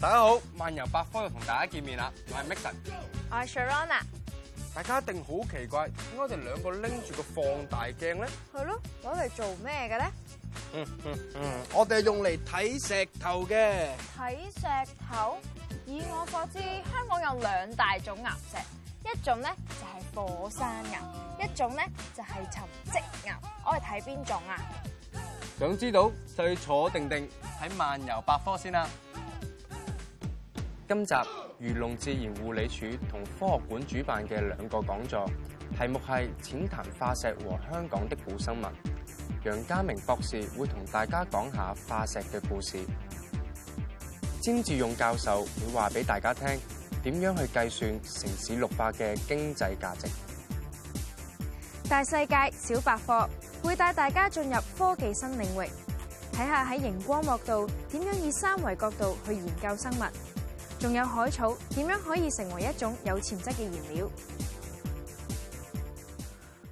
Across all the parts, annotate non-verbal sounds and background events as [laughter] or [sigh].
大家好，漫遊百科又同大家見面啦，我係 Mixon，我係 Sharona。大家一定好奇怪，點解我哋兩個拎住個放大鏡咧？係咯，攞嚟做咩嘅咧？嗯嗯嗯，我哋係用嚟睇石頭嘅。睇石頭？以我所知，香港有兩大種岩石，一種咧就係火山岩，一種咧就係沉積岩。我哋睇邊種啊？想知道就去坐定定喺漫遊百科先啦。今集漁農自然護理署同科學館主辦嘅兩個講座，題目係淺談化石和香港的古生物。楊家明博士會同大家講下化石嘅故事。詹志勇教授會話俾大家聽點樣去計算城市綠化嘅經濟價值。大世界小百科會帶大家進入科技新領域，睇下喺熒光幕度點樣以三維角度去研究生物。仲有海草點樣可以成為一種有潛質嘅燃料？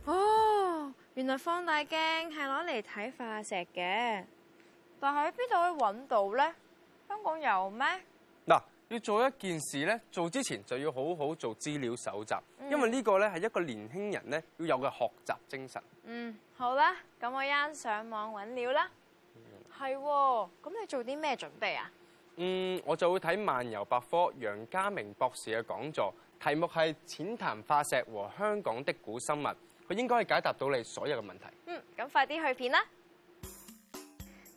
哦，原來放大鏡係攞嚟睇化石嘅，但係喺邊度可以搵到咧？香港有咩？嗱，要做一件事咧，做之前就要好好做資料搜集，因為呢個咧係一個年輕人咧要有嘅學習精神。嗯，好啦，咁我依家上網搵料啦。係、嗯，咁你做啲咩準備啊？嗯，我就會睇漫遊百科楊家明博士嘅講座，題目係淺談化石和香港的古生物，佢應該係解答到你所有嘅問題。嗯，咁快啲去片啦！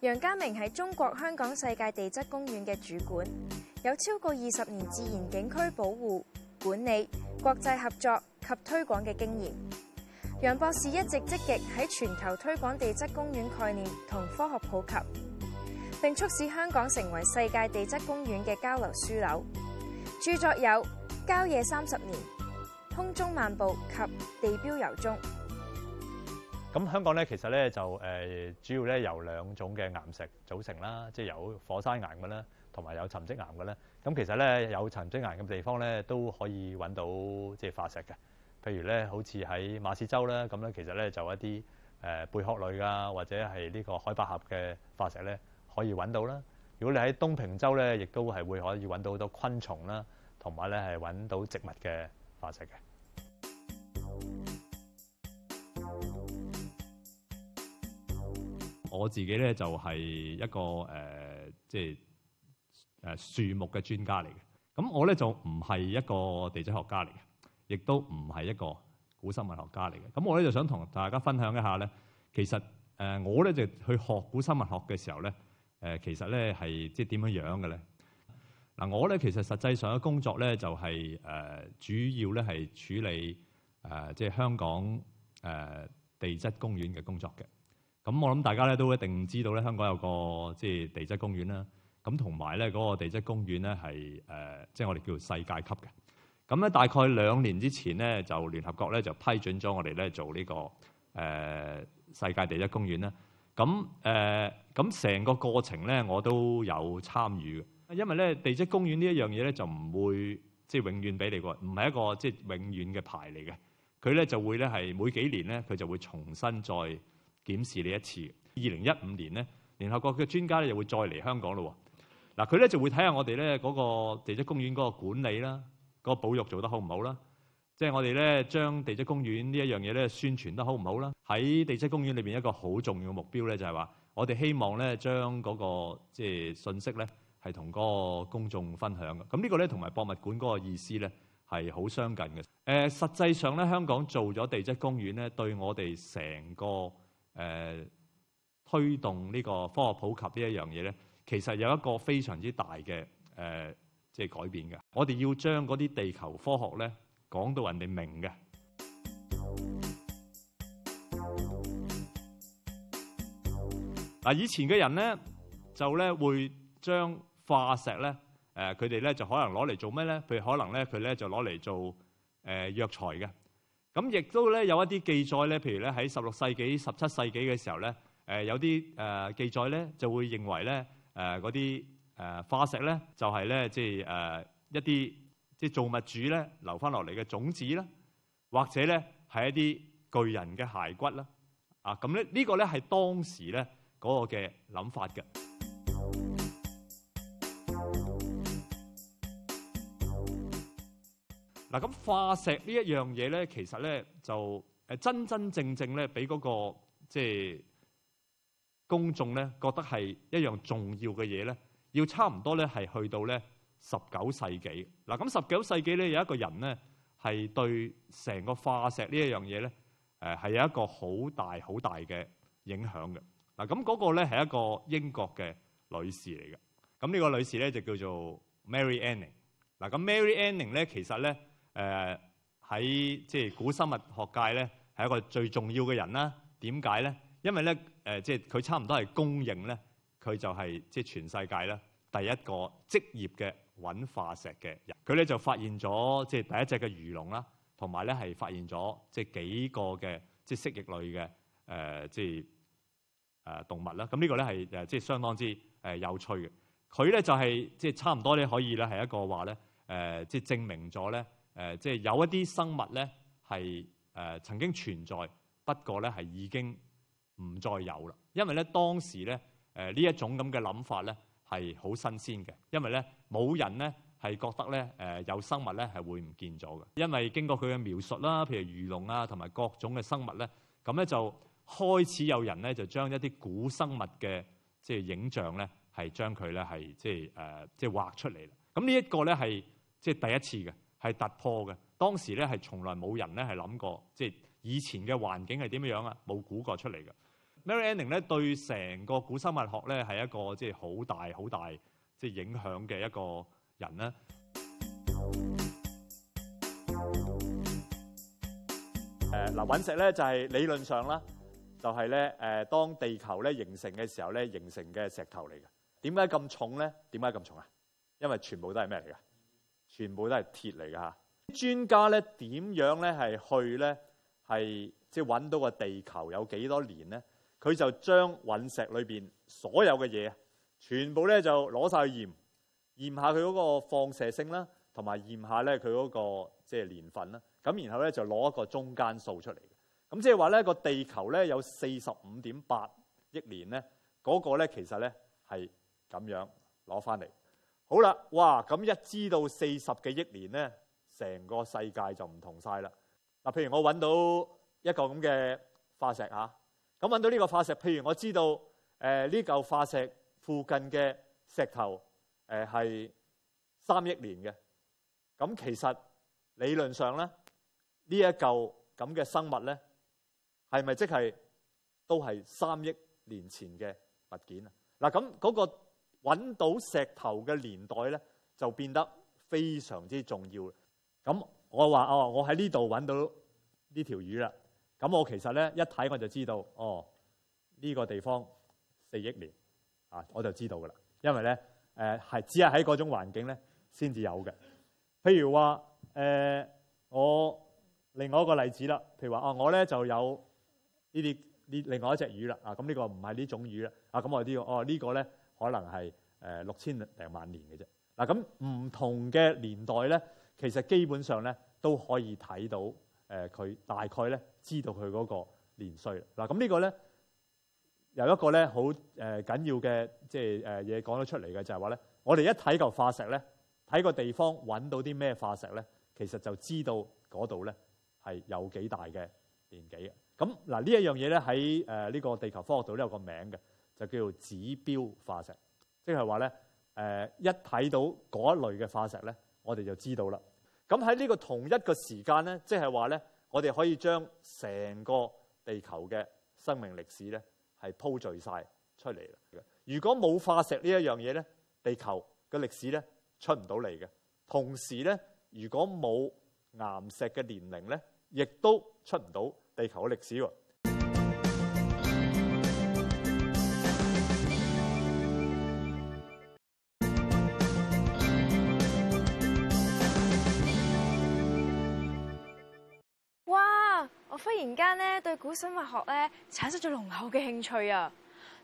楊家明係中國香港世界地質公園嘅主管，有超過二十年自然景區保護管理、國際合作及推廣嘅經驗。楊博士一直積極喺全球推廣地質公園概念同科學普及。並促使香港成為世界地質公園嘅交流樞紐。著作有《郊野三十年》《空中漫步》及《地標遊蹤》。咁香港咧，其實咧就誒、呃，主要咧由兩種嘅岩石組成啦，即係有火山岩嘅啦，同埋有沉積岩嘅啦。咁其實咧有沉積岩嘅地方咧，都可以揾到即係化石嘅。譬如咧，好似喺馬屎洲啦，咁咧其實咧就一啲誒貝殼類啊，或者係呢個海百合嘅化石咧。可以揾到啦。如果你喺東平洲咧，亦都係會可以揾到好多昆蟲啦，同埋咧係揾到植物嘅化石嘅。我自己咧就係、是、一個誒，即係誒樹木嘅專家嚟嘅。咁我咧就唔係一個地質學家嚟嘅，亦都唔係一個古生物學家嚟嘅。咁我咧就想同大家分享一下咧，其實誒、呃、我咧就去學古生物學嘅時候咧。誒其實咧係即係點樣樣嘅咧？嗱，我咧其實實際上嘅工作咧就係誒主要咧係處理誒即係香港誒地質公園嘅工作嘅。咁我諗大家咧都一定知道咧，香港有個即係地質公園啦。咁同埋咧嗰個地質公園咧係誒即係我哋叫做世界級嘅。咁咧大概兩年之前咧就聯合國咧就批准咗我哋咧做呢個誒世界地質公園啦。咁誒，咁成、呃、個過程咧，我都有參與嘅。因為咧，地質公園呢一樣嘢咧，就唔會即係、就係、永遠俾你個，唔係一個即係永遠嘅牌嚟嘅。佢咧就會咧係每幾年咧，佢就會重新再檢視呢一次。二零一五年咧，聯合國嘅專家咧就會再嚟香港咯。嗱，佢咧就會睇下我哋咧嗰個地質公園嗰個管理啦，嗰、嗰個保育做得好唔好啦。即係我哋咧，將地質公園呢一樣嘢咧宣傳得好唔好啦？喺地質公園裏邊一個好重要嘅目標咧，就係話我哋希望咧將嗰個即係信息咧係同嗰個公眾分享嘅。咁呢個咧同埋博物館嗰個意思咧係好相近嘅。誒，實際上咧，香港做咗地質公園咧，對我哋成個誒推動呢個科學普及呢一樣嘢咧，其實有一個非常之大嘅誒即係改變嘅。我哋要將嗰啲地球科學咧，講到人哋明嘅。嗱，以前嘅人咧，就咧會將化石咧，誒、呃，佢哋咧就可能攞嚟做咩咧、呃？譬如可能咧，佢咧就攞嚟做誒藥材嘅。咁亦都咧有一啲、呃、記載咧，譬如咧喺十六世紀、十七世紀嘅時候咧，誒有啲誒記載咧就會認為咧，誒嗰啲誒化石咧就係、是、咧即係誒、呃、一啲。即係物主咧留翻落嚟嘅種子啦，或者咧係一啲巨人嘅骸骨啦，啊咁咧呢個咧係當時咧嗰、那個嘅諗法嘅。嗱咁 [music] 化石一呢一樣嘢咧，其實咧就誒真真正正咧俾嗰個即係公眾咧覺得係一樣重要嘅嘢咧，要差唔多咧係去到咧。十九世紀嗱，咁十九世紀咧有一個人咧，係對成個化石呢一樣嘢咧，誒係有一個好大好大嘅影響嘅嗱。咁、那、嗰個咧係一個英國嘅女士嚟嘅。咁、那、呢個女士咧就叫做 Mary Anning。嗱，咁 Mary Anning 咧其實咧誒喺即係古生物學界咧係一個最重要嘅人啦。點解咧？因為咧誒即係佢差唔多係公認咧，佢就係即係全世界咧。第一個職業嘅搵化石嘅人，佢咧就發現咗即係第一隻嘅魚龍啦，同埋咧係發現咗即係幾個嘅即係蜥蜴類嘅誒即係誒動物啦。咁呢個咧係誒即係相當之誒有趣嘅。佢咧就係即係差唔多咧可以咧係一個話咧誒即係證明咗咧誒即係有一啲生物咧係誒曾經存在，不過咧係已經唔再有啦。因為咧當時咧誒呢一種咁嘅諗法咧，係好新鮮嘅，因為咧冇人咧係覺得咧誒、呃、有生物咧係會唔見咗嘅，因為經過佢嘅描述啦，譬如魚龍啊同埋各種嘅生物咧，咁咧就開始有人咧就將一啲古生物嘅即係影像咧係將佢咧係即係誒即係畫出嚟啦。咁呢一個咧係即係第一次嘅，係突破嘅。當時咧係從來冇人咧係諗過，即係以前嘅環境係點樣啊？冇估過出嚟嘅。Mary Anning 咧對成個古生物學咧係一個即係好大好大即係影響嘅一個人咧。誒嗱、呃，隕石咧就係理論上啦，就係咧誒，當地球咧形成嘅時候咧形成嘅石頭嚟嘅。點解咁重咧？點解咁重啊？因為全部都係咩嚟㗎？全部都係鐵嚟㗎嚇。專家咧點樣咧係去咧係即係揾到個地球有幾多年咧？佢就將隕石裏邊所有嘅嘢全部咧就攞晒去驗驗下佢嗰個放射性啦，同埋驗下咧佢嗰個即係年份啦。咁然後咧就攞一個中間數出嚟。咁即係話咧個地球咧有四十五點八億年咧，嗰個咧其實咧係咁樣攞翻嚟。好啦，哇！咁一知道四十幾億年咧，成個世界就唔同晒啦。嗱，譬如我揾到一個咁嘅化石嚇。咁揾到呢個化石，譬如我知道，呃、呢嚿化石附近嘅石頭，呃、係三億年嘅。咁其實理論上咧，呢一嚿咁嘅生物咧，係咪即係都係三億年前嘅物件啊？嗱，咁嗰個揾到石頭嘅年代咧，就變得非常之重要。咁我話哦，我喺呢度揾到呢條魚啦。咁我其實咧一睇我就知道，哦呢、這個地方四億年啊，我就知道噶啦。因為咧係、呃、只係喺嗰種環境咧先至有嘅。譬如話、呃、我另外一個例子啦，譬如話、啊、我咧就有呢啲呢另外一隻魚啦啊，咁、這、呢個唔係呢種魚啦啊，咁、啊、我、這個啊這個、呢個哦呢個咧可能係、呃、六千零萬年嘅啫。嗱咁唔同嘅年代咧，其實基本上咧都可以睇到。誒佢大概咧知道佢嗰個年歲。嗱咁呢個咧有一個咧好誒緊要嘅，即係誒嘢講得出嚟嘅就係話咧，我哋一睇嚿化石咧，睇個地方揾到啲咩化石咧，其實就知道嗰度咧係有幾大嘅年紀嘅。咁嗱呢一樣嘢咧喺誒呢個地球科學度都有個名嘅，就叫做指標化石，即係話咧誒一睇到嗰一類嘅化石咧，我哋就知道啦。咁喺呢個同一個時間咧，即係話咧，我哋可以將成個地球嘅生命歷史咧，係鋪聚晒出嚟啦。如果冇化石呢一樣嘢咧，地球嘅歷史咧出唔到嚟嘅。同時咧，如果冇岩石嘅年齡咧，亦都出唔到地球嘅歷史喎。突然間咧，對古生物學咧產生咗濃厚嘅興趣啊！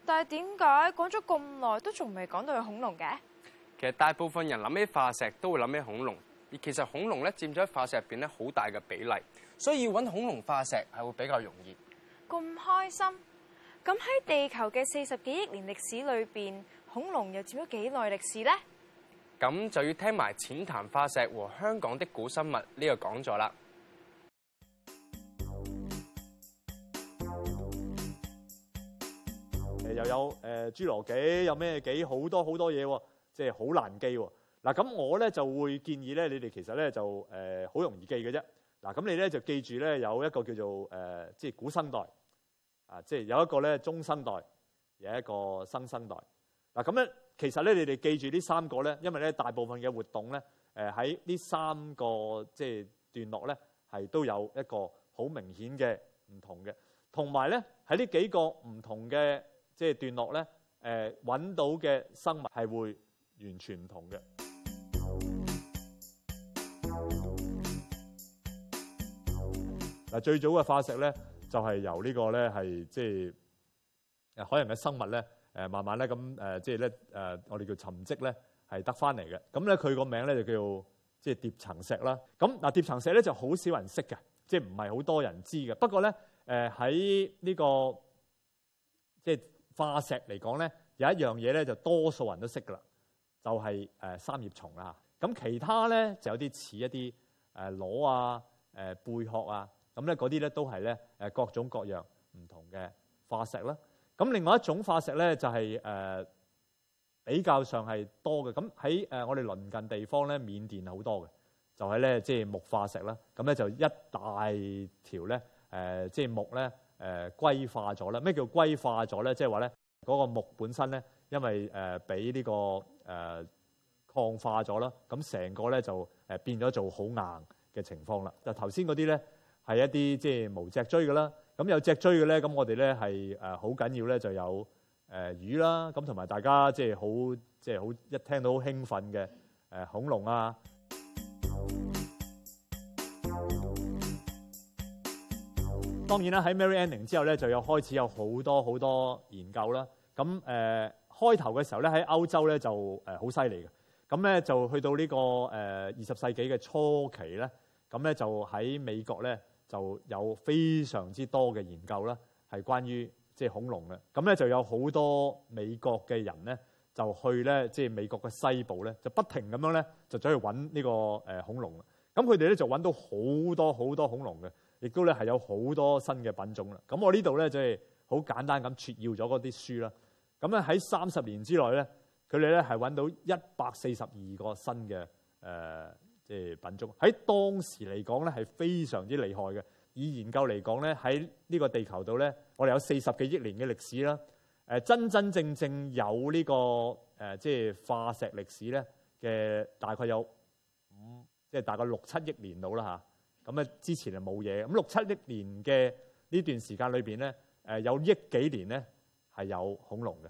但係點解講咗咁耐都仲未講到有恐龍嘅？其實大部分人諗起化石都會諗起恐龍，而其實恐龍咧佔咗喺化石入邊咧好大嘅比例，所以要揾恐龍化石係會比較容易。咁開心！咁喺地球嘅四十幾億年歷史裏邊，恐龍又佔咗幾耐歷史咧？咁就要聽埋淺談化石和香港的古生物呢個講座啦。又有誒侏、呃、羅紀，有咩幾好多好多嘢喎、哦？即係好難記喎、哦。嗱，咁我咧就會建議咧，你哋其實咧就誒好、呃、容易記嘅啫。嗱，咁你咧就記住咧有一個叫做誒、呃，即係古生代啊，即係有一個咧中生代，有一個新生代嗱。咁咧其實咧，你哋記住呢三個咧，因為咧大部分嘅活動咧誒喺呢三個即係段落咧係都有一個好明顯嘅唔同嘅，同埋咧喺呢幾個唔同嘅。即係段落咧，誒、呃、揾到嘅生物係會完全唔同嘅。嗱，最早嘅化石咧，就係、是、由這個呢個咧係即係海洋嘅生物咧，誒慢慢咧咁誒即係咧誒我哋叫沉積咧係得翻嚟嘅。咁咧佢個名咧就叫即係疊層石啦。咁嗱，疊層石咧就好少人識嘅，即係唔係好多人知嘅。不過咧，誒喺呢個即係。化石嚟講咧，有一樣嘢咧就多數人都識噶啦，就係誒三葉蟲啦。咁其他咧就有啲似一啲誒螺啊、誒貝殼啊。咁咧嗰啲咧都係咧誒各種各樣唔同嘅化石啦。咁另外一種化石咧就係誒比較上係多嘅。咁喺我哋鄰近地方咧，緬甸好多嘅，就係咧即係木化石啦。咁咧就一大條咧誒即係木咧。誒歸、呃、化咗啦，咩叫歸化咗咧？即係話咧，嗰、那個木本身咧，因為誒俾、呃這個呃、呢個誒礦化咗啦，咁成個咧就誒變咗做好硬嘅情況啦。就頭先嗰啲咧係一啲即係無脊椎嘅啦，咁有脊椎嘅咧，咁我哋咧係誒好緊要咧就有誒魚啦，咁同埋大家即係好即係好一聽到好興奮嘅誒恐龍啊！當然啦，喺 Mary Anning 之後咧，就有開始有好多好多研究啦。咁、呃、誒開頭嘅時候咧，喺歐洲咧就誒好犀利嘅。咁咧就去到呢、呢個誒二十世紀嘅初期咧，咁咧就喺美國咧就有非常之多嘅研究啦，係關於即係恐龍嘅。咁咧就有好多美國嘅人咧就去咧即係美國嘅西部咧，就不停咁樣咧就走去揾呢個誒恐龍。咁佢哋咧就揾到好多好多恐龍嘅。亦都咧係有好多新嘅品種啦。咁我呢度咧就係好簡單咁撮要咗嗰啲書啦。咁咧喺三十年之內咧，佢哋咧係揾到一百四十二個新嘅誒即係品種。喺當時嚟講咧係非常之厲害嘅。以研究嚟講咧，喺呢個地球度咧，我哋有四十幾億年嘅歷史啦。誒真真正正有呢個誒即係化石歷史咧嘅大概有五即係大概六七億年到啦嚇。咁啊，之前係冇嘢。咁六七億年嘅呢段時間裏邊咧，誒有億幾年咧係有恐龍嘅。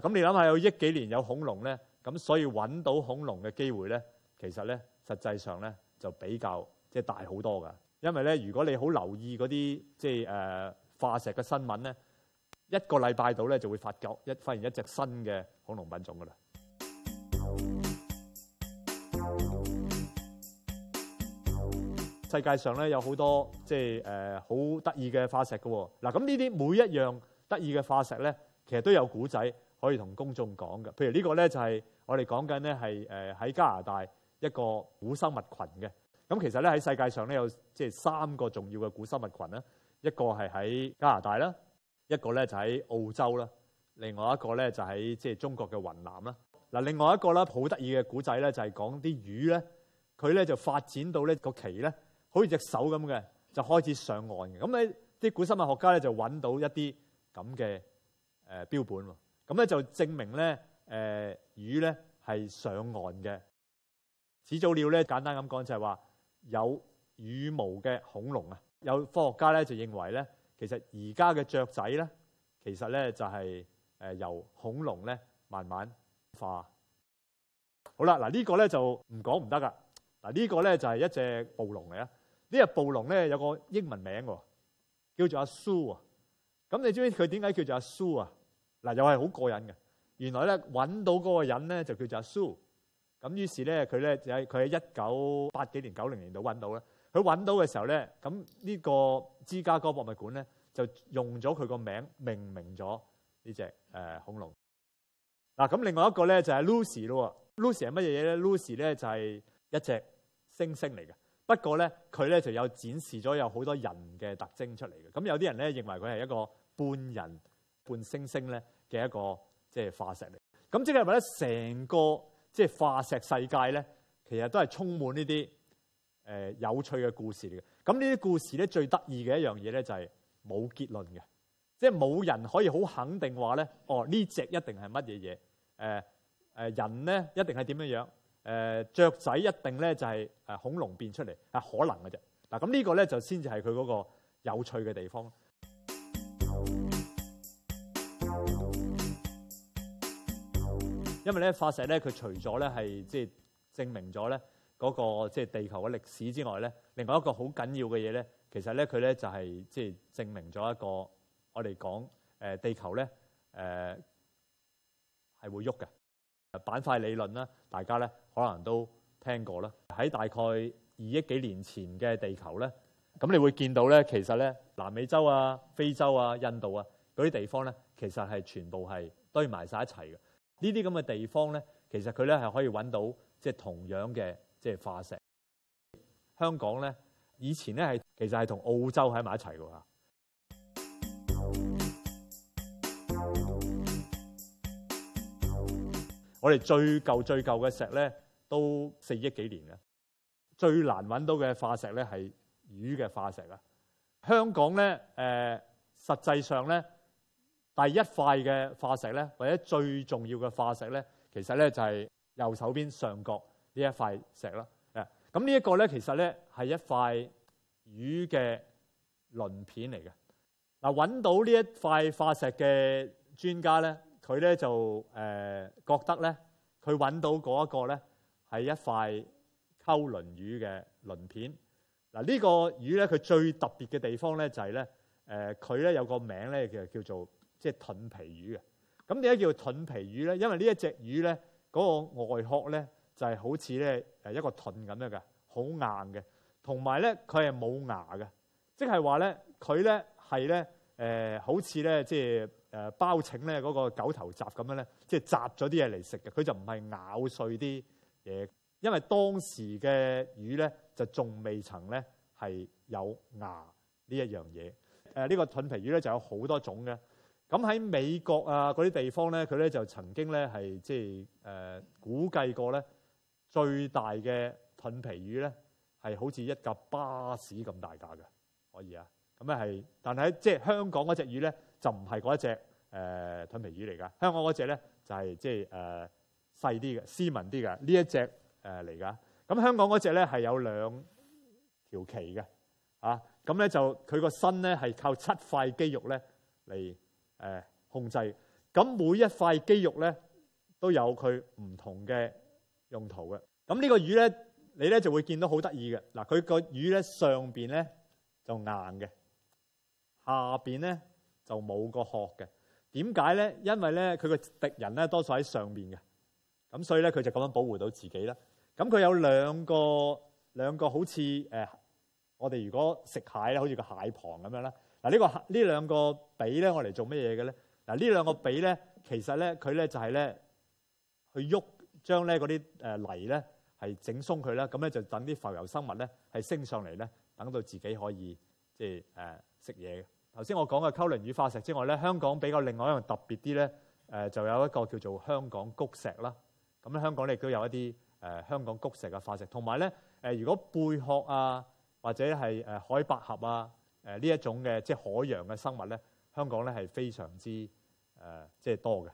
嗱，咁你諗下有億幾年有恐龍咧，咁所以揾到恐龍嘅機會咧，其實咧實際上咧就比較即係、就是、大好多㗎。因為咧，如果你好留意嗰啲即係誒化石嘅新聞咧，一個禮拜度咧就會發覺一發現一隻新嘅恐龍品種㗎啦。世界上咧有好多即係誒好得意嘅化石嘅喎、哦，嗱咁呢啲每一樣得意嘅化石咧，其實都有古仔可以同公眾講嘅。譬如這個呢個咧就係、是、我哋講緊咧係誒喺加拿大一個古生物群嘅。咁其實咧喺世界上咧有即係、就是、三個重要嘅古生物群啦，一個係喺加拿大啦，一個咧就喺、是、澳洲啦，另外一個咧就喺即係中國嘅雲南啦。嗱，另外一個咧好得意嘅古仔咧就係講啲魚咧，佢咧就發展到個鰭呢個鰭咧。好似隻手咁嘅，就開始上岸嘅。咁咧，啲古生物學家咧就揾到一啲咁嘅誒標本。咁咧就證明咧，誒、呃、魚咧係上岸嘅。始祖鳥咧簡單咁講就係話有羽毛嘅恐龍啊。有科學家咧就認為咧，其實而家嘅雀仔咧，其實咧就係、是、由恐龍咧慢慢化。好啦，嗱、呢個、呢不不、這個咧就唔講唔得噶。嗱呢個咧就係一隻暴龍嚟啦。呢隻暴龍咧有個英文名喎，叫做阿蘇啊。咁你知唔知佢點解叫做阿蘇啊？嗱，又係好過癮嘅。原來咧揾到嗰個人咧就叫做阿蘇。咁於是咧佢咧就喺佢喺一九八幾年九零年度揾到啦。佢揾到嘅時候咧，咁呢個芝加哥博物館咧就用咗佢個名命名咗呢隻誒、呃、恐龍。嗱，咁另外一個咧就係 Lucy 咯。Lucy 係乜嘢嘢咧？Lucy 咧就係一隻猩猩嚟嘅。不過咧，佢咧就有展示咗有好多人嘅特徵出嚟嘅。咁有啲人咧認為佢係一個半人半星星咧嘅一個即係、就是、化石嚟。咁即係話咧，成個即係化石世界咧，其實都係充滿呢啲誒有趣嘅故事嚟嘅。咁呢啲故事咧最得意嘅一樣嘢咧就係、是、冇結論嘅，即係冇人可以好肯定話咧，哦呢隻、這個、一定係乜嘢嘢？誒、呃、誒、呃、人咧一定係點樣樣？誒、呃、雀仔一定咧就係、是、誒、啊、恐龍變出嚟係可能嘅啫。嗱，咁呢個咧就先至係佢嗰個有趣嘅地方。因為咧化石咧佢除咗咧係即係證明咗咧嗰個即係、就是、地球嘅歷史之外咧，另外一個好緊要嘅嘢咧，其實咧佢咧就係即係證明咗一個我哋講誒地球咧誒係會喐嘅。板塊理論啦，大家咧可能都聽過啦。喺大概二億幾年前嘅地球咧，咁你會見到咧，其實咧南美洲啊、非洲啊、印度啊嗰啲地方咧，其實係全部係堆埋晒一齊嘅。呢啲咁嘅地方咧，其實佢咧係可以揾到即係、就是、同樣嘅即係化石。香港咧以前咧係其實係同澳洲喺埋一齊噶。我哋最舊最舊嘅石咧，都四億幾年啦。最難揾到嘅化石咧，係魚嘅化石啦。香港咧，誒、呃，實際上咧，第一塊嘅化石咧，或者最重要嘅化石咧，其實咧就係、是、右手邊上角呢一塊石啦。誒、嗯，咁、這個、呢一個咧，其實咧係一塊魚嘅鱗片嚟嘅。嗱，揾到呢一塊化石嘅專家咧。佢咧就誒、呃、覺得咧，佢揾到嗰一個咧係一塊溝鱗魚嘅鱗片，嗱，呢、啊呢個魚咧佢最特別嘅地方咧就係咧誒，佢、呃、咧有個名咧叫叫做即係盾皮魚嘅。咁點解叫盾皮魚咧？因為呢一隻魚咧嗰、嗰個外殼咧就係、是、好似咧誒一個盾咁樣嘅，就是呃，好硬嘅，同埋咧佢係冇牙嘅，即係話咧佢咧係咧誒好似咧即係。誒包拯咧嗰個狗頭鍘咁樣咧，即係鍘咗啲嘢嚟食嘅，佢就唔係咬碎啲嘢，因為當時嘅魚咧就仲未曾咧係有牙呢一樣嘢。呢、呢個盾皮魚咧就有好多種嘅，咁喺美國啊嗰啲地方咧，佢咧就曾經咧係即係誒估計過咧最大嘅盾皮魚咧係好似一架巴士咁大架嘅，可以啊。咁咧係，但係即係香港嗰隻魚咧。就唔係嗰一隻誒盾、呃、皮魚嚟噶，香港嗰隻咧就係即係誒細啲嘅、斯文啲嘅呢一隻誒嚟噶。咁、呃、香港嗰隻咧係有兩條鰭嘅，嚇咁咧就佢個身咧係靠七塊肌肉咧嚟誒控制。咁每一塊肌肉咧都有佢唔同嘅用途嘅。咁呢個魚咧，你咧就會見到好得意嘅。嗱，佢個魚咧上邊咧就硬嘅，下邊咧。就冇個殼嘅，點解咧？因為咧，佢個敵人咧多數喺上面嘅，咁所以咧佢就咁樣保護到自己啦。咁佢有兩個兩個好似、呃、我哋如果食蟹咧，好似個蟹旁咁樣啦。嗱、這、呢個呢兩個髀咧，我嚟做乜嘢嘅咧？嗱呢兩個髀咧，其實咧佢咧就係咧去喐將咧嗰啲誒泥咧係整鬆佢啦，咁咧就等啲浮游生物咧係升上嚟咧，等到自己可以即係食嘢。呃頭先我講嘅溝鱗魚與化石之外咧，香港比較另外一樣特別啲咧，誒就有一個叫做香港菊石啦。咁香港亦都有一啲誒、呃、香港菊石嘅化石。同埋咧，誒、呃、如果貝殼啊，或者係誒海百合啊，誒、呃、呢一種嘅即係海洋嘅生物咧，香港咧係非常之誒、呃、即係多嘅。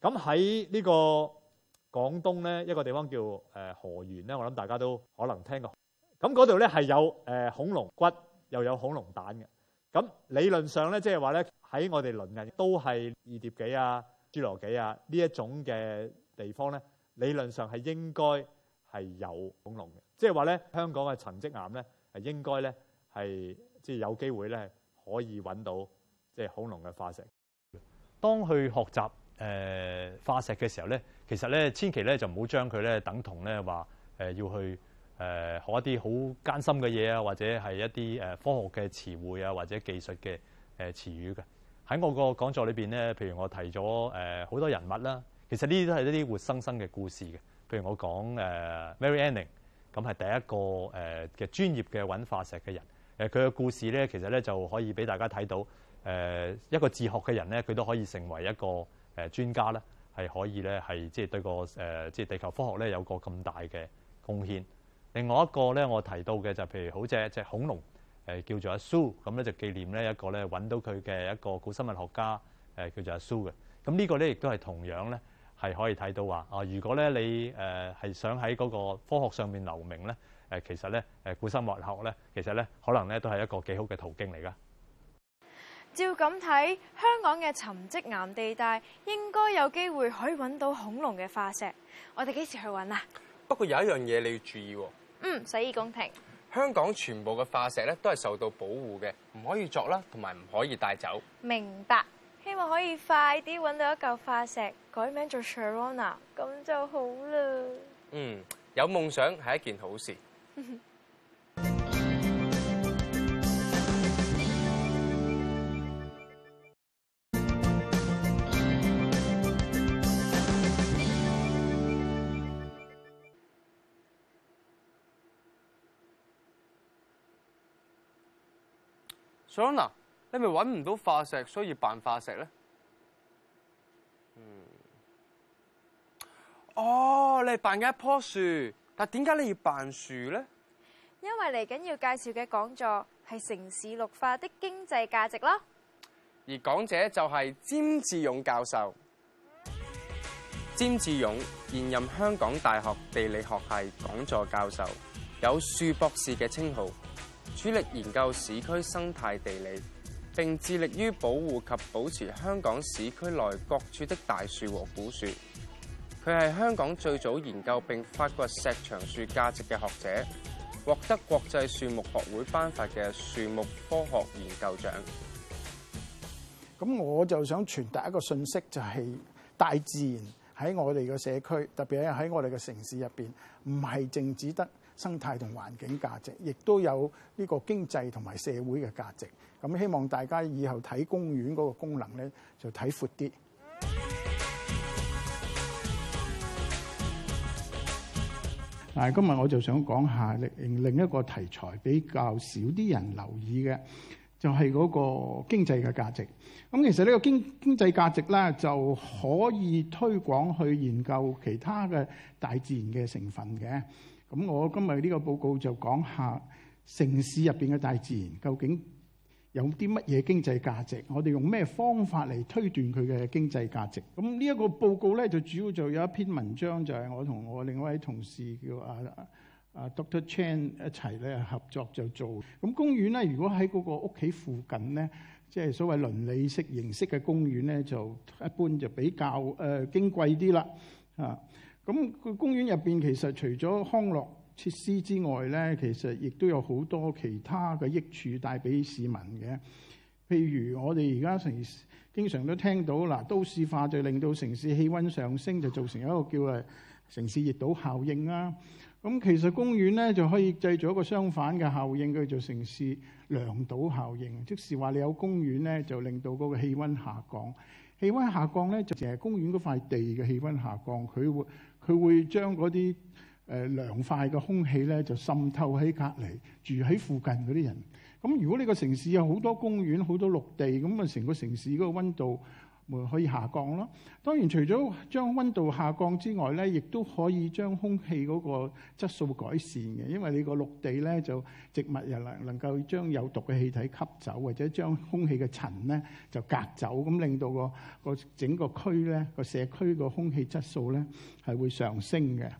咁喺呢個廣東咧，一個地方叫誒、呃、河源咧，我諗大家都可能聽過。咁嗰度咧係有誒、呃、恐龍骨，又有恐龍蛋嘅。咁理論上咧，即係話咧，喺我哋鄰近都係二疊紀啊、侏羅紀啊呢一種嘅地方咧，理論上係應該係有恐龍嘅。即係話咧，香港嘅沉積岩咧係應該咧係即係有機會咧可以揾到即係恐龍嘅化石。當去學習誒、呃、化石嘅時候咧，其實咧千祈咧就唔好將佢咧等同咧話誒要去。誒學一啲好艱辛嘅嘢啊，或者係一啲誒科學嘅詞彙啊，或者技術嘅誒詞語嘅喺我個講座裏邊咧。譬如我提咗誒好多人物啦，其實呢啲都係一啲活生生嘅故事嘅。譬如我講誒 Mary Anning，咁係第一個誒嘅專業嘅搵化石嘅人。誒佢嘅故事咧，其實咧就可以俾大家睇到誒一個自學嘅人咧，佢都可以成為一個誒專家咧，係可以咧係即係對個誒即係地球科學咧有個咁大嘅貢獻。另外一個咧，我提到嘅就譬如好似隻隻恐龍，誒叫做阿蘇，咁咧就紀念呢一個咧揾到佢嘅一個古生物學家，誒叫做阿蘇嘅。咁呢個咧亦都係同樣咧，係可以睇到話，哦、啊，如果咧你誒係想喺嗰個科學上面留名咧，誒其實咧誒古生物學咧，其實咧可能咧都係一個幾好嘅途徑嚟㗎。照咁睇，香港嘅沉積岩地帶應該有機會可以揾到恐龍嘅化石。我哋幾時去揾啊？不過有一樣嘢你要注意喎。嗯，洗耳恭聽。香港全部嘅化石咧，都係受到保護嘅，唔可以作啦，同埋唔可以帶走。明白，希望可以快啲揾到一嚿化石，改名做 Sharona，咁就好啦。嗯，有夢想係一件好事。 [laughs] 所以 a 你咪揾唔到化石，所以扮化石咧。嗯。哦，你扮嘅一棵樹，但點解你要扮樹咧？因為嚟緊要介紹嘅講座係城市綠化的經濟價值啦。而講者就係詹志勇教授。詹志勇現任香港大學地理學系講座教授，有樹博士嘅稱號。主力研究市區生態地理，並致力於保護及保持香港市區內各處的大樹和古樹，佢係香港最早研究並發掘石牆樹價值嘅學者，獲得國際樹木學會頒發嘅樹木科學研究獎。咁我就想傳達一個信息，就係、是、大自然喺我哋嘅社區，特別係喺我哋嘅城市入邊，唔係淨只得。生態同環境價值，亦都有呢個經濟同埋社會嘅價值。咁希望大家以後睇公園嗰個功能咧，就睇闊啲。嗱，今日我就想講下另另一個題材比較少啲人留意嘅，就係嗰個經濟嘅價值。咁其實呢個經經濟價值咧，就可以推廣去研究其他嘅大自然嘅成分嘅。咁我今日呢個報告就講下城市入邊嘅大自然究竟有啲乜嘢經濟價值？我哋用咩方法嚟推斷佢嘅經濟價值？咁呢一個報告咧就主要就有一篇文章，就係、是、我同我另外一位同事叫阿阿 Dr Chan 一齊咧合作就做。咁公園咧，如果喺嗰個屋企附近咧，即、就、係、是、所謂倫理式形式嘅公園咧，就一般就比較誒矜、呃、貴啲啦，嚇、啊。咁個公園入邊其實除咗康樂設施之外咧，其實亦都有好多其他嘅益處帶俾市民嘅。譬如我哋而家成經常都聽到嗱，都市化就令到城市氣温上升，就造成一個叫誒城市熱島效應啦。咁其實公園咧就可以製造一個相反嘅效應，叫做城市涼島效應。即是話你有公園咧，就令到嗰個氣温下降。氣温下降咧，就淨係公園嗰塊地嘅氣温下降，佢會佢會將嗰啲誒涼快嘅空氣咧，就滲透喺隔離住喺附近嗰啲人。咁如果你個城市有好多公園、好多綠地，咁啊成個城市嗰個温度。可以下降咯。當然，除咗將温度下降之外咧，亦都可以將空氣嗰個質素改善嘅。因為你個陸地咧就植物又能能夠將有毒嘅氣體吸走，或者將空氣嘅塵咧就隔走，咁令到個個整個區咧個社區個空氣質素咧係會上升嘅。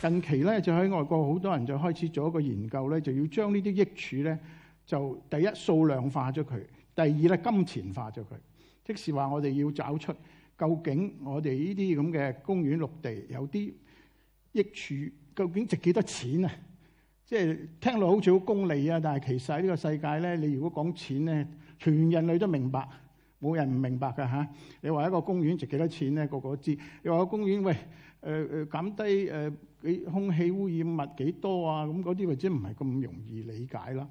近期咧就喺外國，好多人就開始做一個研究咧，就要將呢啲益處咧就第一數量化咗佢，第二咧金錢化咗佢，即係話我哋要找出究竟我哋呢啲咁嘅公園綠地有啲益處，究竟值幾多錢啊？即係聽落好似好功利啊，但係其實喺呢個世界咧，你如果講錢咧，全人類都明白，冇人唔明白噶嚇。你話一個公園值幾多錢咧，個個知。你話個公園喂減、呃、低、呃幾空氣污染物幾多啊？咁嗰啲或者唔係咁容易理解啦。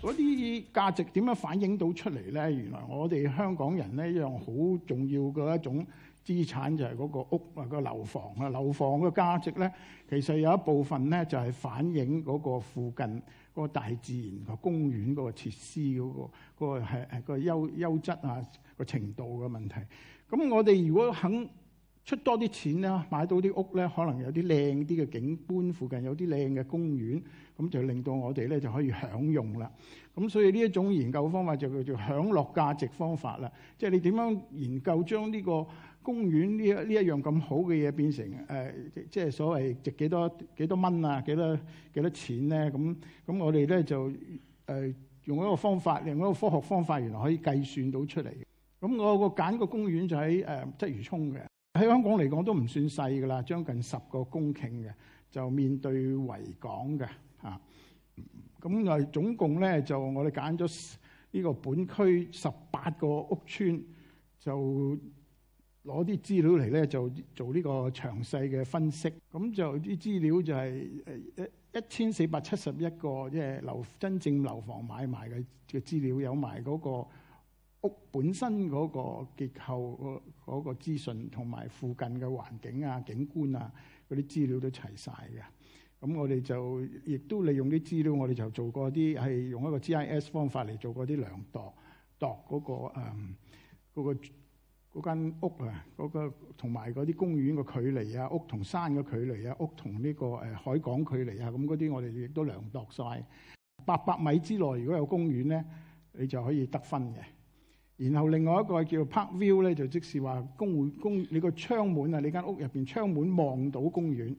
嗰啲價值點樣反映到出嚟咧？原來我哋香港人咧一樣好重要嘅一種資產就係嗰個屋啊，嗰個樓房啊。樓房嘅價值咧，其實有一部分咧就係反映嗰個附近。個大自然個公園嗰個設施嗰個嗰個係係個優優質啊個程度嘅問題。咁我哋如果肯出多啲錢咧，買到啲屋咧，可能有啲靚啲嘅景觀，附近有啲靚嘅公園，咁就令到我哋咧就可以享用啦。咁所以呢一種研究方法就叫做享樂價值方法啦，即係你點樣研究將呢個公園呢一呢一樣咁好嘅嘢，變成誒、呃、即係所謂值幾多幾多蚊啊？幾多幾多錢咧？咁咁，我哋咧就誒、呃、用一個方法，用一個科學方法，原來可以計算到出嚟。咁我個揀個公園就喺誒質如衝鰂魚涌嘅，喺香港嚟講都唔算細㗎啦，將近十個公頃嘅，就面對維港嘅嚇。咁、啊、誒總共咧就我哋揀咗呢個本區十八個屋邨就。攞啲資料嚟咧就做呢個詳細嘅分析，咁就啲資料就係誒一一千四百七十一個即係樓真正樓房買賣嘅嘅資料，有埋嗰個屋本身嗰個結構嗰嗰個資訊，同埋附近嘅環境啊、景觀啊嗰啲資料都齊晒嘅。咁我哋就亦都利用啲資料，我哋就做過啲係用一個 GIS 方法嚟做過啲量度度嗰個誒嗰個。嗯那個嗰間屋啊，嗰個同埋嗰啲公園嘅距離啊，屋同山嘅距離啊，屋同呢個誒海港距離啊，咁嗰啲我哋亦都量度晒。八百米之內如果有公園咧，你就可以得分嘅。然後另外一個叫 park view 咧，就即是話公公你個窗門啊，你間屋入邊窗門望到公園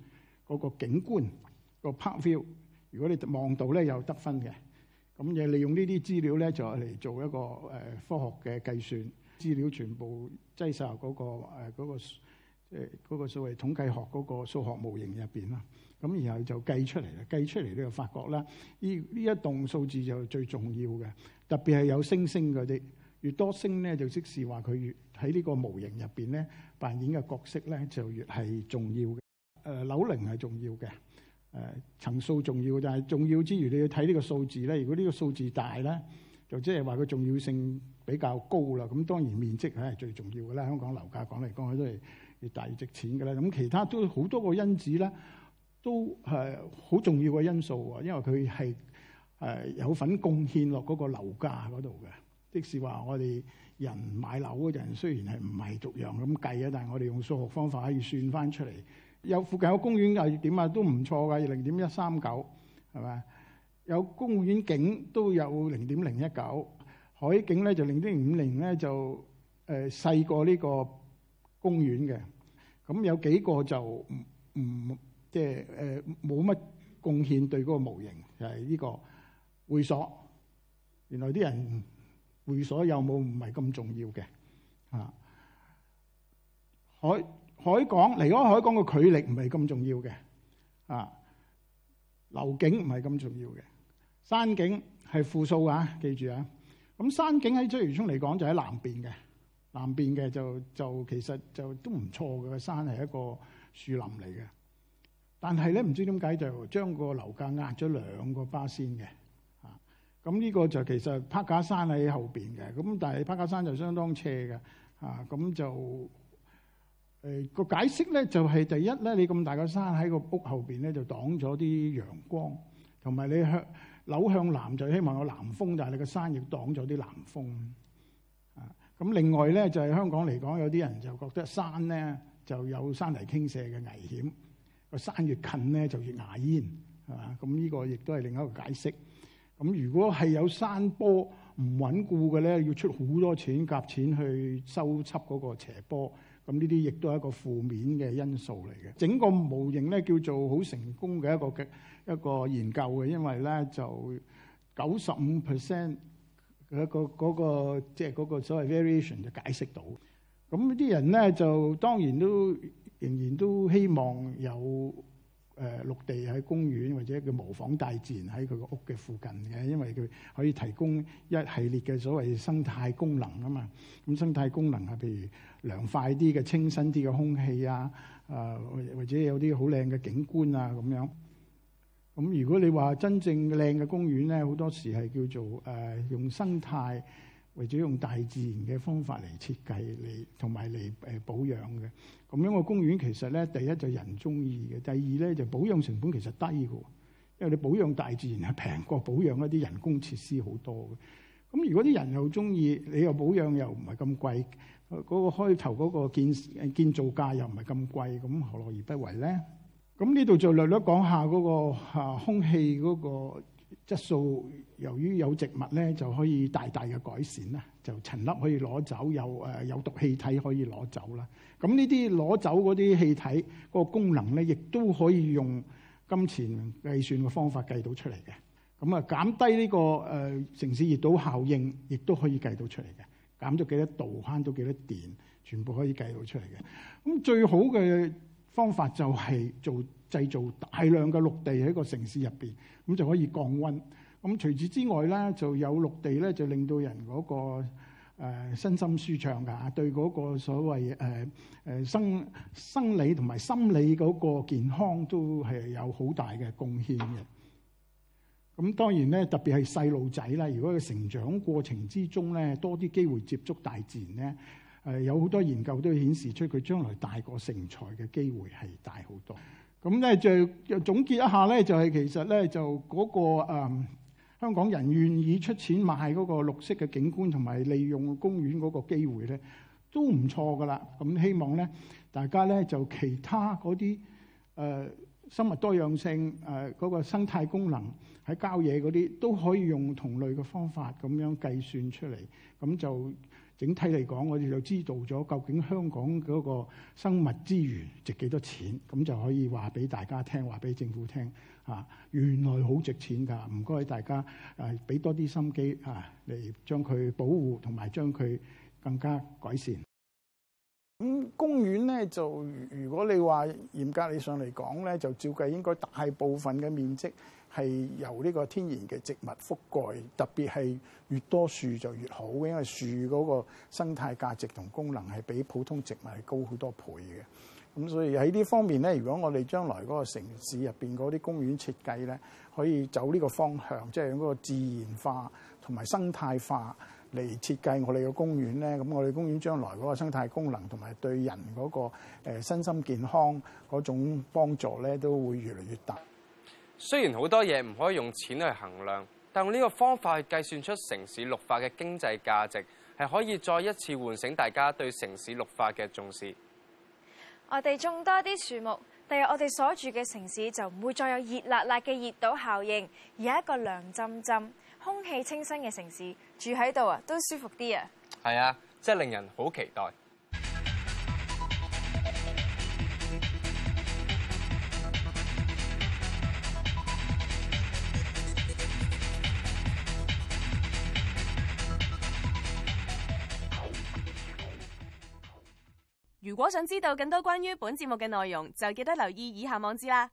嗰個景觀個 park view，如果你望到咧又得分嘅。咁就利用呢啲資料咧就嚟做一個誒科學嘅計算。資料全部擠晒入嗰個誒嗰、嗰個嗰個嗰個所謂統計學嗰個數學模型入邊啦，咁然後就計出嚟啦，計出嚟你又發覺啦，呢呢一棟數字就最重要嘅，特別係有星星嗰啲，越多星咧就即係話佢越喺呢個模型入邊咧扮演嘅角色咧就越係重要嘅。誒樓層係重要嘅，誒、呃、層數重要，但係重要之餘你要睇呢個數字咧。如果呢個數字大咧，就即係話佢重要性。比較高啦，咁當然面積咧係最重要嘅啦。香港樓價講嚟講去都係越大越值錢嘅啦。咁其他都好多個因子咧，都係好重要嘅因素喎。因為佢係誒有份貢獻落嗰個樓價嗰度嘅。即是話我哋人買樓嘅人雖然係唔係逐樣咁計啊，但係我哋用數學方法可以算翻出嚟。有附近有公園又點啊，都唔錯㗎，零點一三九係咪？有公園景都有零點零一九。海景咧就零點五零咧就誒細過呢個公園嘅，咁有幾個就唔唔即係誒冇乜貢獻對嗰個模型，就係呢個會所。原來啲人會所有冇，唔係咁重要嘅啊！海海港離開，海港嘅距離唔係咁重要嘅啊！樓景唔係咁重要嘅，山景係負數啊！記住啊！咁山景喺鰂魚涌嚟講就喺南邊嘅，南邊嘅就就其實就都唔錯嘅，山係一個樹林嚟嘅，但係咧唔知點解就將個樓價壓咗兩個巴仙嘅，嚇！咁呢個就其實柏架山喺後邊嘅，咁但係柏架山就相當斜嘅，嚇！咁就誒個解釋咧就係第一咧，你咁大個山喺個屋後邊咧就擋咗啲陽光，同埋你向。扭向南就希望有南風，但係你個山亦擋咗啲南風。啊，咁另外咧就係香港嚟講，有啲人就覺得山咧就有山泥傾瀉嘅危險。個山越近咧就越牙煙，係嘛？咁呢個亦都係另一個解釋。咁如果係有山坡唔穩固嘅咧，要出好多錢夾錢去收葺嗰個斜坡。咁呢啲亦都係一個負面嘅因素嚟嘅。整個模型咧叫做好成功嘅一個嘅一個研究嘅，因為咧就九十五 percent 嘅個嗰個即係嗰個所謂 variation 就解釋到。咁呢啲人咧就當然都仍然都希望有。誒、呃、綠地喺公園或者叫模仿大自然喺佢個屋嘅附近嘅，因為佢可以提供一系列嘅所謂生態功能啊嘛。咁生態功能係譬如涼快啲嘅，清新啲嘅空氣啊，誒、呃、或者有啲好靚嘅景觀啊咁樣。咁如果你話真正靚嘅公園咧，好多時係叫做誒、呃、用生態。為咗用大自然嘅方法嚟設計，嚟同埋嚟誒保養嘅咁樣嘅公園，其實咧第一就人中意嘅，第二咧就保養成本其實低嘅，因為你保養大自然係平過保養一啲人工設施好多嘅。咁如果啲人又中意，你又保養又唔係咁貴，嗰個開頭嗰個建建造價又唔係咁貴，咁何樂而不為咧？咁呢度就略略講下嗰個空氣嗰個。質素由於有植物咧，就可以大大嘅改善啦。就塵粒可以攞走，有誒有毒氣體可以攞走啦。咁呢啲攞走嗰啲氣體，個功能咧，亦都可以用金錢計算嘅方法計到出嚟嘅。咁啊，減低呢、呢個誒、呃、城市熱島效應，亦都可以計到出嚟嘅。減咗幾多度，慳咗幾多電，全部可以計到出嚟嘅。咁最好嘅。方法就係做製造大量嘅綠地喺個城市入邊，咁就可以降溫。咁除此之外咧，就有綠地咧，就令到人嗰個誒身心舒暢㗎，對嗰個所謂誒誒生生理同埋心理嗰個健康都係有好大嘅貢獻嘅。咁當然咧，特別係細路仔啦，如果佢成長過程之中咧，多啲機會接觸大自然咧。係有好多研究都顯示出佢將來大過成材嘅機會係大好多。咁咧就總結一下咧，就係其實咧就嗰個誒香港人願意出錢買嗰個綠色嘅景觀同埋利用的公園嗰個機會咧，都唔錯㗎喇。咁希望咧大家咧就其他嗰啲誒生物多樣性誒嗰個生態功能喺郊野嗰啲都可以用同類嘅方法咁樣計算出嚟，咁就。整體嚟講，我哋就知道咗究竟香港嗰個生物資源值幾多錢，咁就可以話俾大家聽，話俾政府聽嚇、啊，原來好值錢㗎。唔該大家誒，俾、啊、多啲心機嚇嚟、啊、將佢保護，同埋將佢更加改善。咁公園咧就，如果你話嚴格理上嚟講咧，就照計應該大部分嘅面積，係由呢個天然嘅植物覆蓋，特別係越多樹就越好，因為樹嗰個生態價值同功能係比普通植物係高好多倍嘅。咁所以喺呢方面咧，如果我哋將來嗰個城市入邊嗰啲公園設計咧，可以走呢個方向，即係用嗰個自然化同埋生態化嚟設計我哋嘅公園咧，咁我哋公園將來嗰個生態功能同埋對人嗰個誒身心健康嗰種幫助咧，都會越嚟越大。雖然好多嘢唔可以用錢去衡量，但用呢個方法去計算出城市綠化嘅經濟價值，係可以再一次喚醒大家對城市綠化嘅重視。我哋種多啲樹木，第日我哋所住嘅城市就唔會再有熱辣辣嘅熱島效應，而係一個涼浸浸、空氣清新嘅城市住喺度啊，都舒服啲啊！係啊，即係令人好期待。如果想知道更多關於本節目嘅內容，就記得留意以下網址啦。